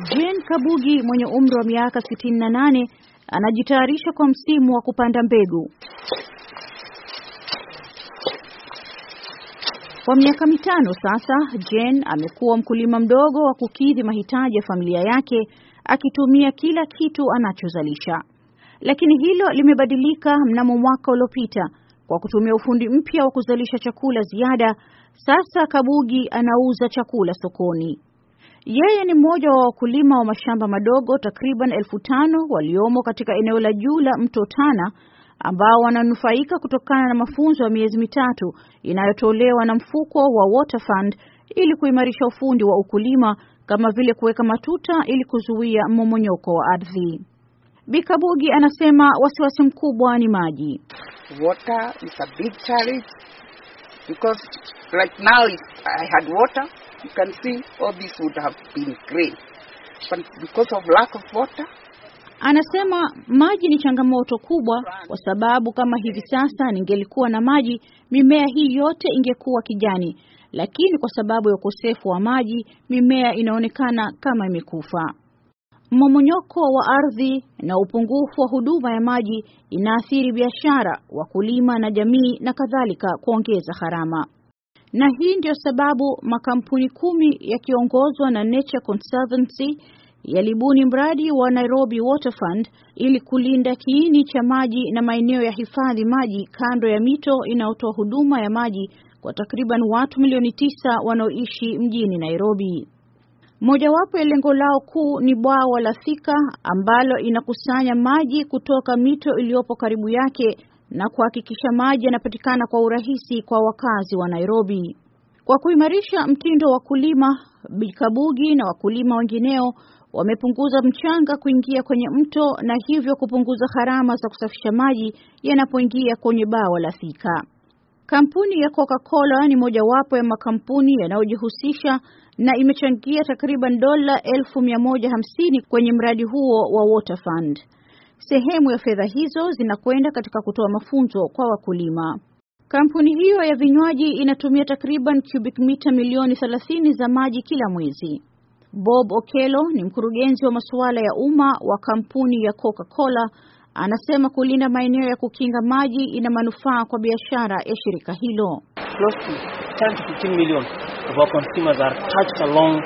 Jane Kabugi mwenye umri wa miaka 68 anajitayarisha kwa msimu wa kupanda mbegu. Kwa miaka mitano sasa, Jane amekuwa mkulima mdogo wa kukidhi mahitaji ya familia yake akitumia kila kitu anachozalisha. Lakini hilo limebadilika mnamo mwaka uliopita kwa kutumia ufundi mpya wa kuzalisha chakula ziada. Sasa Kabugi anauza chakula sokoni. Yeye ni mmoja wa wakulima wa mashamba madogo takriban elfu tano waliomo katika eneo la juu la mto Tana ambao wananufaika kutokana na mafunzo ya miezi mitatu inayotolewa na mfuko wa Water Fund ili kuimarisha ufundi wa ukulima kama vile kuweka matuta ili kuzuia mmomonyoko wa ardhi. Bikabugi anasema wasiwasi mkubwa ni maji. Water is a big challenge because right now I had water You can see all this would have been great. But because of lack of water, Anasema maji ni changamoto kubwa kwa sababu kama hivi sasa ningelikuwa na maji, mimea hii yote ingekuwa kijani, lakini kwa sababu ya ukosefu wa maji, mimea inaonekana kama imekufa. Mmomonyoko wa ardhi na upungufu wa huduma ya maji inaathiri biashara, wakulima na jamii na kadhalika, kuongeza gharama na hii ndiyo sababu makampuni kumi yakiongozwa na Nature Conservancy yalibuni mradi wa Nairobi Water Fund ili kulinda kiini cha maji na maeneo ya hifadhi maji kando ya mito inayotoa huduma ya maji kwa takriban watu milioni tisa wanaoishi mjini Nairobi. Mojawapo ya lengo lao kuu ni bwawa la Thika ambalo inakusanya maji kutoka mito iliyopo karibu yake na kuhakikisha maji yanapatikana kwa urahisi kwa wakazi wa Nairobi. Kwa kuimarisha mtindo wa kulima, Bikabugi na wakulima wengineo wamepunguza mchanga kuingia kwenye mto na hivyo kupunguza gharama za kusafisha maji yanapoingia kwenye bawa la Thika. Kampuni ya Coca-Cola ni mojawapo ya makampuni yanayojihusisha na imechangia takriban dola elfu mia moja hamsini kwenye mradi huo wa Water Fund. Sehemu ya fedha hizo zinakwenda katika kutoa mafunzo kwa wakulima. Kampuni hiyo ya vinywaji inatumia takriban cubic mita milioni 30 za maji kila mwezi. Bob Okelo ni mkurugenzi wa masuala ya umma wa kampuni ya Coca-Cola. Anasema kulinda maeneo ya kukinga maji ina manufaa kwa biashara ya shirika hilo. Close to 10 to 15 million of our consumers are touched along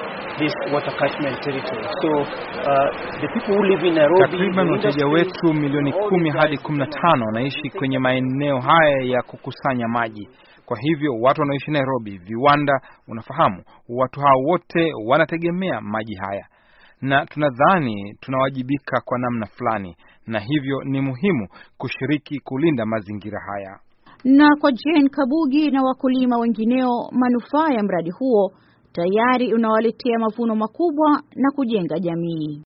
Takriban wateja wetu milioni kumi hadi 15 uh, wanaishi kwenye maeneo haya ya kukusanya maji. Kwa hivyo watu wanaoishi Nairobi, viwanda, unafahamu, watu hao wote wanategemea maji haya, na tunadhani tunawajibika kwa namna fulani, na hivyo ni muhimu kushiriki kulinda mazingira haya. Na kwa Jane Kabugi na wakulima wengineo, manufaa ya mradi huo tayari unawaletea mavuno makubwa na kujenga jamii.